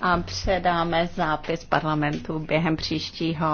a předáme zápis parlamentu během příštího